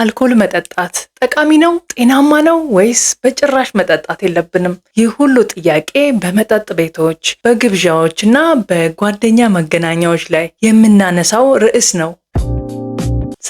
አልኮል መጠጣት ጠቃሚ ነው? ጤናማ ነው? ወይስ በጭራሽ መጠጣት የለብንም? ይህ ሁሉ ጥያቄ በመጠጥ ቤቶች፣ በግብዣዎች እና በጓደኛ መገናኛዎች ላይ የምናነሳው ርዕስ ነው።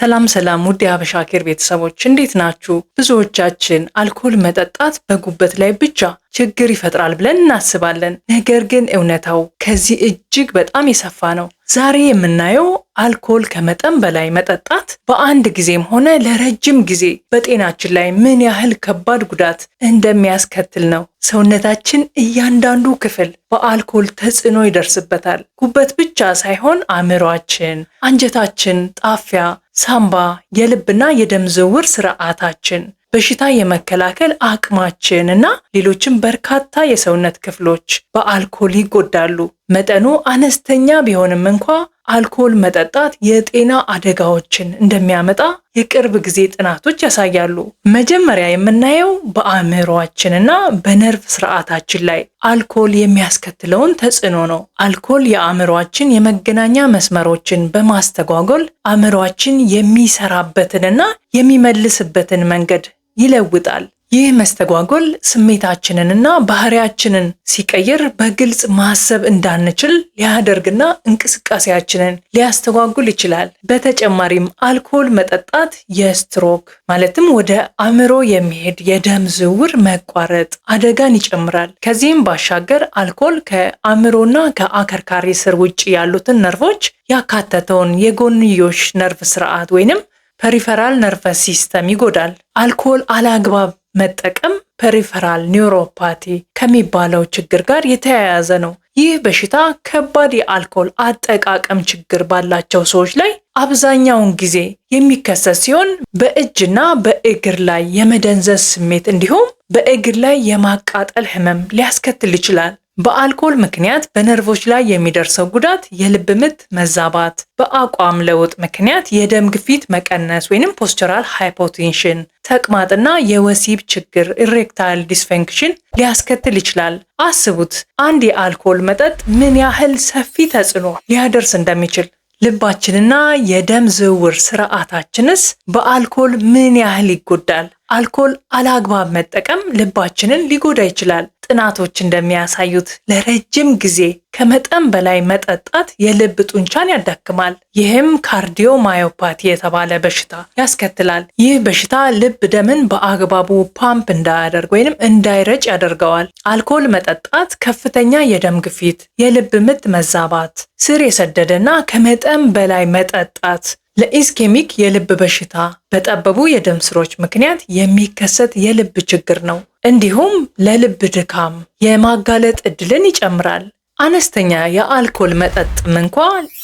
ሰላም ሰላም ውድ የሀበሻ ኬር ቤተሰቦች እንዴት ናችሁ? ብዙዎቻችን አልኮል መጠጣት በጉበት ላይ ብቻ ችግር ይፈጥራል ብለን እናስባለን። ነገር ግን እውነታው ከዚህ እጅግ በጣም የሰፋ ነው። ዛሬ የምናየው አልኮል ከመጠን በላይ መጠጣት በአንድ ጊዜም ሆነ ለረጅም ጊዜ በጤናችን ላይ ምን ያህል ከባድ ጉዳት እንደሚያስከትል ነው። ሰውነታችን እያንዳንዱ ክፍል በአልኮል ተጽዕኖ ይደርስበታል። ጉበት ብቻ ሳይሆን አእምሯችን፣ አንጀታችን፣ ጣፊያ፣ ሳምባ፣ የልብና የደም ዝውውር ስርዓታችን በሽታ የመከላከል አቅማችን እና ሌሎችም በርካታ የሰውነት ክፍሎች በአልኮል ይጎዳሉ። መጠኑ አነስተኛ ቢሆንም እንኳ አልኮል መጠጣት የጤና አደጋዎችን እንደሚያመጣ የቅርብ ጊዜ ጥናቶች ያሳያሉ። መጀመሪያ የምናየው በአእምሯችንና በነርቭ ስርዓታችን ላይ አልኮል የሚያስከትለውን ተጽዕኖ ነው። አልኮል የአእምሯችን የመገናኛ መስመሮችን በማስተጓጎል አእምሯችን የሚሰራበትንና የሚመልስበትን መንገድ ይለውጣል። ይህ መስተጓጎል ስሜታችንንና ባህሪያችንን ሲቀይር በግልጽ ማሰብ እንዳንችል ሊያደርግና እንቅስቃሴያችንን ሊያስተጓጉል ይችላል። በተጨማሪም አልኮል መጠጣት የስትሮክ ማለትም ወደ አእምሮ የሚሄድ የደም ዝውውር መቋረጥ አደጋን ይጨምራል። ከዚህም ባሻገር አልኮል ከአእምሮና ከአከርካሪ ስር ውጭ ያሉትን ነርቮች ያካተተውን የጎንዮሽ ነርቭ ስርዓት ወይንም ፐሪፈራል ነርቨስ ሲስተም ይጎዳል። አልኮል አላግባብ መጠቀም ፐሪፈራል ኒውሮፓቲ ከሚባለው ችግር ጋር የተያያዘ ነው። ይህ በሽታ ከባድ የአልኮል አጠቃቀም ችግር ባላቸው ሰዎች ላይ አብዛኛውን ጊዜ የሚከሰት ሲሆን በእጅና በእግር ላይ የመደንዘዝ ስሜት እንዲሁም በእግር ላይ የማቃጠል ህመም ሊያስከትል ይችላል። በአልኮል ምክንያት በነርቮች ላይ የሚደርሰው ጉዳት የልብ ምት መዛባት፣ በአቋም ለውጥ ምክንያት የደም ግፊት መቀነስ ወይንም ፖስቸራል ሃይፖቴንሽን፣ ተቅማጥና የወሲብ ችግር ኢሬክታይል ዲስፈንክሽን ሊያስከትል ይችላል። አስቡት አንድ የአልኮል መጠጥ ምን ያህል ሰፊ ተጽዕኖ ሊያደርስ እንደሚችል። ልባችንና የደም ዝውውር ስርዓታችንስ በአልኮል ምን ያህል ይጎዳል? አልኮል አላግባብ መጠቀም ልባችንን ሊጎዳ ይችላል። ጥናቶች እንደሚያሳዩት ለረጅም ጊዜ ከመጠን በላይ መጠጣት የልብ ጡንቻን ያዳክማል። ይህም ካርዲዮ ማዮፓቲ የተባለ በሽታ ያስከትላል። ይህ በሽታ ልብ ደምን በአግባቡ ፓምፕ እንዳያደርግ ወይም እንዳይረጭ ያደርገዋል። አልኮል መጠጣት ከፍተኛ የደም ግፊት፣ የልብ ምት መዛባት፣ ስር የሰደደና ከመጠን በላይ መጠጣት ለኢስኬሚክ የልብ በሽታ በጠበቡ የደም ስሮች ምክንያት የሚከሰት የልብ ችግር ነው። እንዲሁም ለልብ ድካም የማጋለጥ እድልን ይጨምራል። አነስተኛ የአልኮል መጠጥም እንኳ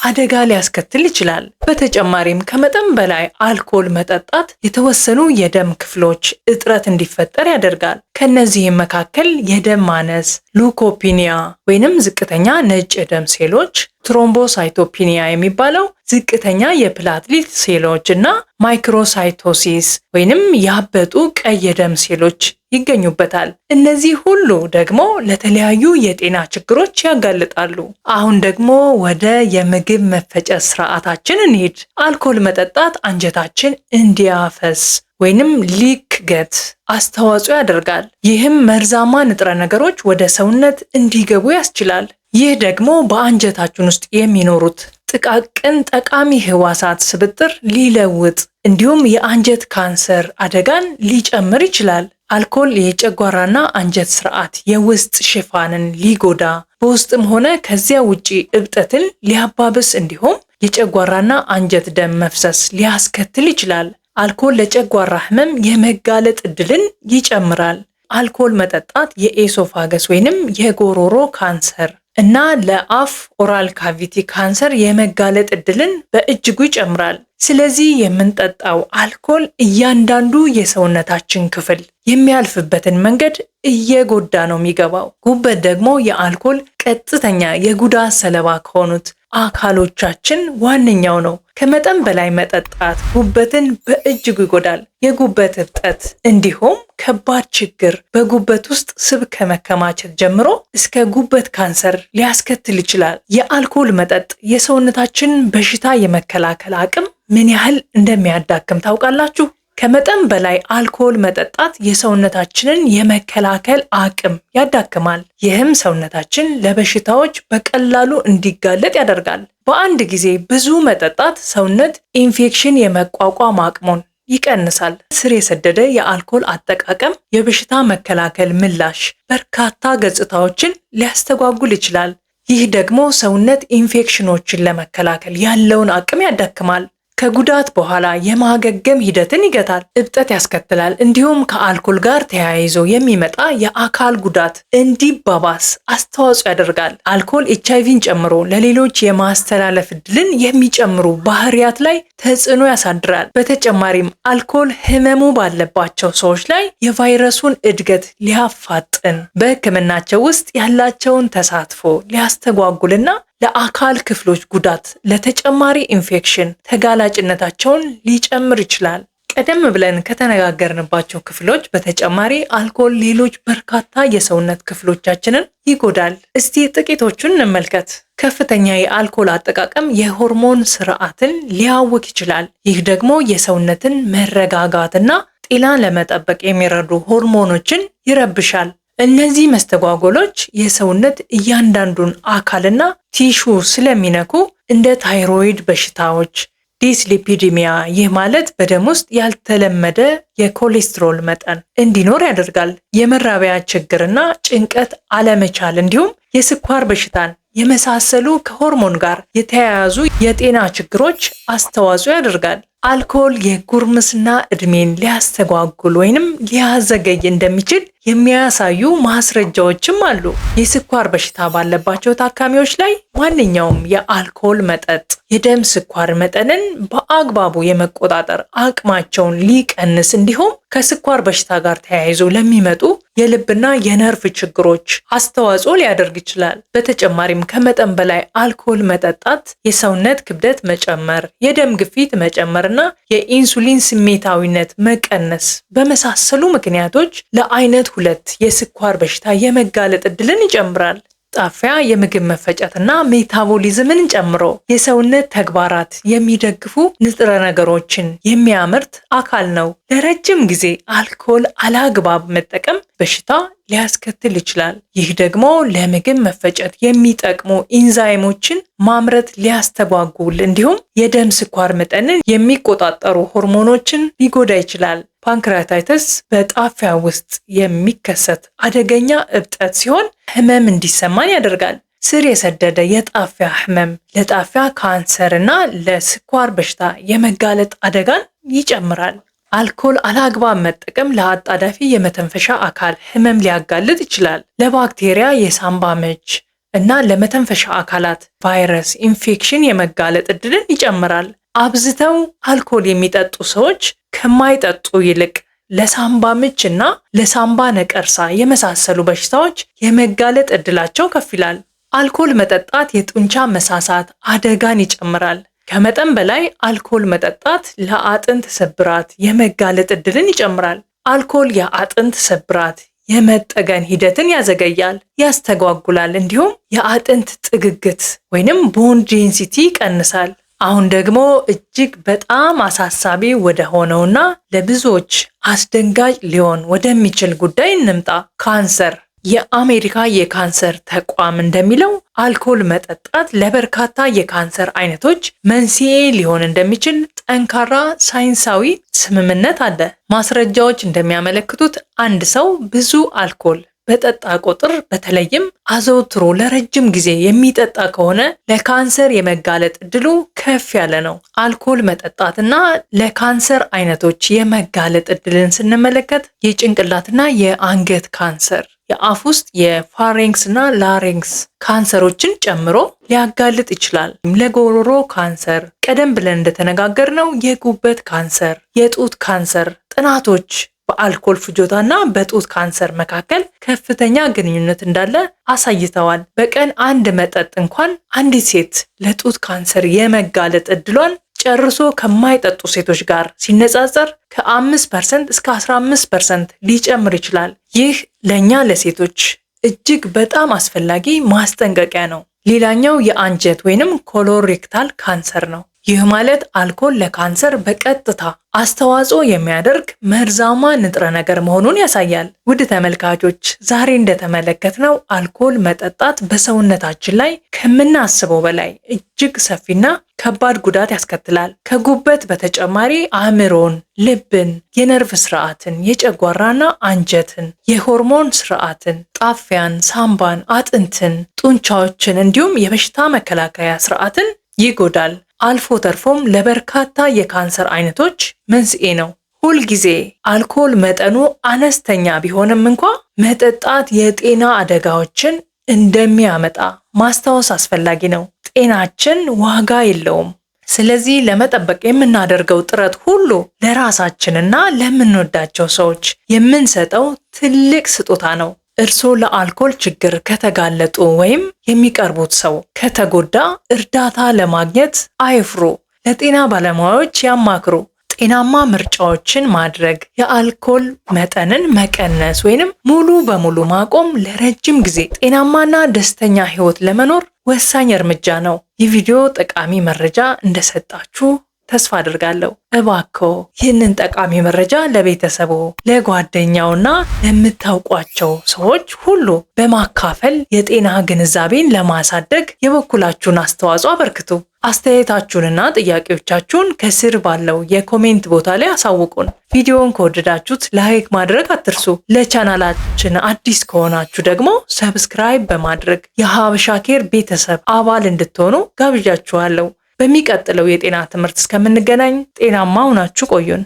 አደጋ ሊያስከትል ይችላል። በተጨማሪም ከመጠን በላይ አልኮል መጠጣት የተወሰኑ የደም ክፍሎች እጥረት እንዲፈጠር ያደርጋል። ከእነዚህም መካከል የደም ማነስ፣ ሉኮፒኒያ ወይንም ዝቅተኛ ነጭ የደም ሴሎች ትሮምቦሳይቶፒኒያ የሚባለው ዝቅተኛ የፕላትሊት ሴሎች እና ማይክሮሳይቶሲስ ወይንም ያበጡ ቀይ የደም ሴሎች ይገኙበታል። እነዚህ ሁሉ ደግሞ ለተለያዩ የጤና ችግሮች ያጋልጣሉ። አሁን ደግሞ ወደ የምግብ መፈጨት ስርዓታችን እንሂድ። አልኮል መጠጣት አንጀታችን እንዲያፈስ ወይንም ሊክ ገት አስተዋጽኦ ያደርጋል። ይህም መርዛማ ንጥረ ነገሮች ወደ ሰውነት እንዲገቡ ያስችላል። ይህ ደግሞ በአንጀታችን ውስጥ የሚኖሩት ጥቃቅን ጠቃሚ ህዋሳት ስብጥር ሊለውጥ እንዲሁም የአንጀት ካንሰር አደጋን ሊጨምር ይችላል። አልኮል የጨጓራና አንጀት ስርዓት የውስጥ ሽፋንን ሊጎዳ በውስጥም ሆነ ከዚያ ውጪ እብጠትን ሊያባብስ እንዲሁም የጨጓራና አንጀት ደም መፍሰስ ሊያስከትል ይችላል። አልኮል ለጨጓራ ህመም የመጋለጥ እድልን ይጨምራል። አልኮል መጠጣት የኤሶፋገስ ወይንም የጎሮሮ ካንሰር እና ለአፍ ኦራል ካቪቲ ካንሰር የመጋለጥ እድልን በእጅጉ ይጨምራል። ስለዚህ የምንጠጣው አልኮል እያንዳንዱ የሰውነታችን ክፍል የሚያልፍበትን መንገድ እየጎዳ ነው የሚገባው። ጉበት ደግሞ የአልኮል ቀጥተኛ የጉዳት ሰለባ ከሆኑት አካሎቻችን ዋነኛው ነው። ከመጠን በላይ መጠጣት ጉበትን በእጅጉ ይጎዳል። የጉበት እብጠት እንዲሁም ከባድ ችግር በጉበት ውስጥ ስብ ከመከማቸት ጀምሮ እስከ ጉበት ካንሰር ሊያስከትል ይችላል። የአልኮል መጠጥ የሰውነታችን በሽታ የመከላከል አቅም ምን ያህል እንደሚያዳክም ታውቃላችሁ? ከመጠን በላይ አልኮል መጠጣት የሰውነታችንን የመከላከል አቅም ያዳክማል። ይህም ሰውነታችን ለበሽታዎች በቀላሉ እንዲጋለጥ ያደርጋል። በአንድ ጊዜ ብዙ መጠጣት ሰውነት ኢንፌክሽን የመቋቋም አቅሙን ይቀንሳል። ስር የሰደደ የአልኮል አጠቃቀም የበሽታ መከላከል ምላሽ በርካታ ገጽታዎችን ሊያስተጓጉል ይችላል። ይህ ደግሞ ሰውነት ኢንፌክሽኖችን ለመከላከል ያለውን አቅም ያዳክማል። ከጉዳት በኋላ የማገገም ሂደትን ይገታል፣ እብጠት ያስከትላል። እንዲሁም ከአልኮል ጋር ተያይዞ የሚመጣ የአካል ጉዳት እንዲባባስ አስተዋጽኦ ያደርጋል። አልኮል ኤች አይቪን ጨምሮ ለሌሎች የማስተላለፍ እድልን የሚጨምሩ ባህሪያት ላይ ተጽዕኖ ያሳድራል። በተጨማሪም አልኮል ህመሙ ባለባቸው ሰዎች ላይ የቫይረሱን እድገት ሊያፋጥን፣ በህክምናቸው ውስጥ ያላቸውን ተሳትፎ ሊያስተጓጉልና ለአካል ክፍሎች ጉዳት፣ ለተጨማሪ ኢንፌክሽን ተጋላጭነታቸውን ሊጨምር ይችላል። ቀደም ብለን ከተነጋገርንባቸው ክፍሎች በተጨማሪ አልኮል ሌሎች በርካታ የሰውነት ክፍሎቻችንን ይጎዳል። እስቲ ጥቂቶቹን እንመልከት። ከፍተኛ የአልኮል አጠቃቀም የሆርሞን ስርዓትን ሊያውክ ይችላል። ይህ ደግሞ የሰውነትን መረጋጋትና ጤና ለመጠበቅ የሚረዱ ሆርሞኖችን ይረብሻል። እነዚህ መስተጓጎሎች የሰውነት እያንዳንዱን አካልና ቲሹ ስለሚነኩ እንደ ታይሮይድ በሽታዎች፣ ዲስሊፒዲሚያ ይህ ማለት በደም ውስጥ ያልተለመደ የኮሌስትሮል መጠን እንዲኖር ያደርጋል። የመራቢያ ችግርና ጭንቀት አለመቻል እንዲሁም የስኳር በሽታን የመሳሰሉ ከሆርሞን ጋር የተያያዙ የጤና ችግሮች አስተዋጽኦ ያደርጋል። አልኮል የጉርምስና እድሜን ሊያስተጓጉል ወይንም ሊያዘገይ እንደሚችል የሚያሳዩ ማስረጃዎችም አሉ። የስኳር በሽታ ባለባቸው ታካሚዎች ላይ ማንኛውም የአልኮል መጠጥ የደም ስኳር መጠንን በአግባቡ የመቆጣጠር አቅማቸውን ሊቀንስ እንዲሁም ከስኳር በሽታ ጋር ተያይዞ ለሚመጡ የልብና የነርቭ ችግሮች አስተዋጽኦ ሊያደርግ ይችላል። በተጨማሪም ከመጠን በላይ አልኮል መጠጣት የሰውነት ክብደት መጨመር፣ የደም ግፊት መጨመርና የኢንሱሊን ስሜታዊነት መቀነስ በመሳሰሉ ምክንያቶች ለአይነት ሁለት የስኳር በሽታ የመጋለጥ እድልን ይጨምራል። ጣፊያ የምግብ መፈጨትና ሜታቦሊዝምን ጨምሮ የሰውነት ተግባራት የሚደግፉ ንጥረ ነገሮችን የሚያመርት አካል ነው። ለረጅም ጊዜ አልኮል አላግባብ መጠቀም በሽታ ሊያስከትል ይችላል። ይህ ደግሞ ለምግብ መፈጨት የሚጠቅሙ ኢንዛይሞችን ማምረት ሊያስተጓጉል እንዲሁም የደም ስኳር መጠንን የሚቆጣጠሩ ሆርሞኖችን ሊጎዳ ይችላል። ፓንክራታይተስ በጣፊያ ውስጥ የሚከሰት አደገኛ እብጠት ሲሆን ህመም እንዲሰማን ያደርጋል። ስር የሰደደ የጣፊያ ህመም ለጣፊያ ካንሰር እና ለስኳር በሽታ የመጋለጥ አደጋን ይጨምራል። አልኮል አላግባብ መጠቀም ለአጣዳፊ የመተንፈሻ አካል ህመም ሊያጋልጥ ይችላል። ለባክቴሪያ የሳምባ ምች እና ለመተንፈሻ አካላት ቫይረስ ኢንፌክሽን የመጋለጥ እድልን ይጨምራል። አብዝተው አልኮል የሚጠጡ ሰዎች ከማይጠጡ ይልቅ ለሳምባ ምች እና ለሳምባ ነቀርሳ የመሳሰሉ በሽታዎች የመጋለጥ እድላቸው ከፍ ይላል። አልኮል መጠጣት የጡንቻ መሳሳት አደጋን ይጨምራል። ከመጠን በላይ አልኮል መጠጣት ለአጥንት ስብራት የመጋለጥ እድልን ይጨምራል። አልኮል የአጥንት ስብራት የመጠገን ሂደትን ያዘገያል፣ ያስተጓጉላል። እንዲሁም የአጥንት ጥግግት ወይንም ቦን ዴንሲቲ ይቀንሳል። አሁን ደግሞ እጅግ በጣም አሳሳቢ ወደ ሆነውና ለብዙዎች አስደንጋጭ ሊሆን ወደሚችል ጉዳይ እንምጣ። ካንሰር። የአሜሪካ የካንሰር ተቋም እንደሚለው አልኮል መጠጣት ለበርካታ የካንሰር አይነቶች መንስኤ ሊሆን እንደሚችል ጠንካራ ሳይንሳዊ ስምምነት አለ። ማስረጃዎች እንደሚያመለክቱት አንድ ሰው ብዙ አልኮል በጠጣ ቁጥር በተለይም አዘውትሮ ለረጅም ጊዜ የሚጠጣ ከሆነ ለካንሰር የመጋለጥ እድሉ ከፍ ያለ ነው። አልኮል መጠጣትና ለካንሰር አይነቶች የመጋለጥ እድልን ስንመለከት የጭንቅላትና የአንገት ካንሰር የአፍ ውስጥ የፋሬንክስ እና ላሬንክስ ካንሰሮችን ጨምሮ ሊያጋልጥ ይችላል። ለጎሮሮ ካንሰር፣ ቀደም ብለን እንደተነጋገርነው የጉበት ካንሰር፣ የጡት ካንሰር ጥናቶች በአልኮል ፍጆታና በጡት ካንሰር መካከል ከፍተኛ ግንኙነት እንዳለ አሳይተዋል። በቀን አንድ መጠጥ እንኳን አንዲት ሴት ለጡት ካንሰር የመጋለጥ እድሏን ጨርሶ ከማይጠጡ ሴቶች ጋር ሲነጻጸር ከ5 ፐርሰንት እስከ 15 ፐርሰንት ሊጨምር ይችላል። ይህ ለእኛ ለሴቶች እጅግ በጣም አስፈላጊ ማስጠንቀቂያ ነው። ሌላኛው የአንጀት ወይንም ኮሎሬክታል ካንሰር ነው። ይህ ማለት አልኮል ለካንሰር በቀጥታ አስተዋጽኦ የሚያደርግ መርዛማ ንጥረ ነገር መሆኑን ያሳያል። ውድ ተመልካቾች ዛሬ እንደተመለከትነው አልኮል መጠጣት በሰውነታችን ላይ ከምናስበው በላይ እጅግ ሰፊና ከባድ ጉዳት ያስከትላል። ከጉበት በተጨማሪ አእምሮን፣ ልብን፣ የነርቭ ስርዓትን፣ የጨጓራና አንጀትን፣ የሆርሞን ስርዓትን፣ ጣፊያን፣ ሳምባን፣ አጥንትን፣ ጡንቻዎችን እንዲሁም የበሽታ መከላከያ ስርዓትን ይጎዳል። አልፎ ተርፎም ለበርካታ የካንሰር አይነቶች መንስኤ ነው። ሁልጊዜ አልኮል መጠኑ አነስተኛ ቢሆንም እንኳ መጠጣት የጤና አደጋዎችን እንደሚያመጣ ማስታወስ አስፈላጊ ነው። ጤናችን ዋጋ የለውም። ስለዚህ ለመጠበቅ የምናደርገው ጥረት ሁሉ ለራሳችንና ለምንወዳቸው ሰዎች የምንሰጠው ትልቅ ስጦታ ነው። እርስዎ ለአልኮል ችግር ከተጋለጡ ወይም የሚቀርቡት ሰው ከተጎዳ እርዳታ ለማግኘት አይፍሩ። ለጤና ባለሙያዎች ያማክሩ። ጤናማ ምርጫዎችን ማድረግ፣ የአልኮል መጠንን መቀነስ ወይንም ሙሉ በሙሉ ማቆም ለረጅም ጊዜ ጤናማና ደስተኛ ህይወት ለመኖር ወሳኝ እርምጃ ነው። ቪዲዮ ጠቃሚ መረጃ እንደሰጣችሁ ተስፋ አድርጋለሁ። እባክዎ ይህንን ጠቃሚ መረጃ ለቤተሰቡ፣ ለጓደኛውና ለምታውቋቸው ሰዎች ሁሉ በማካፈል የጤና ግንዛቤን ለማሳደግ የበኩላችሁን አስተዋጽኦ አበርክቱ። አስተያየታችሁንና ጥያቄዎቻችሁን ከስር ባለው የኮሜንት ቦታ ላይ አሳውቁን። ቪዲዮውን ከወደዳችሁት ላይክ ማድረግ አትርሱ። ለቻናላችን አዲስ ከሆናችሁ ደግሞ ሰብስክራይብ በማድረግ የሀበሻ ኬር ቤተሰብ አባል እንድትሆኑ ጋብዣችኋለሁ። በሚቀጥለው የጤና ትምህርት እስከምንገናኝ ጤናማ ሁናችሁ ቆዩን።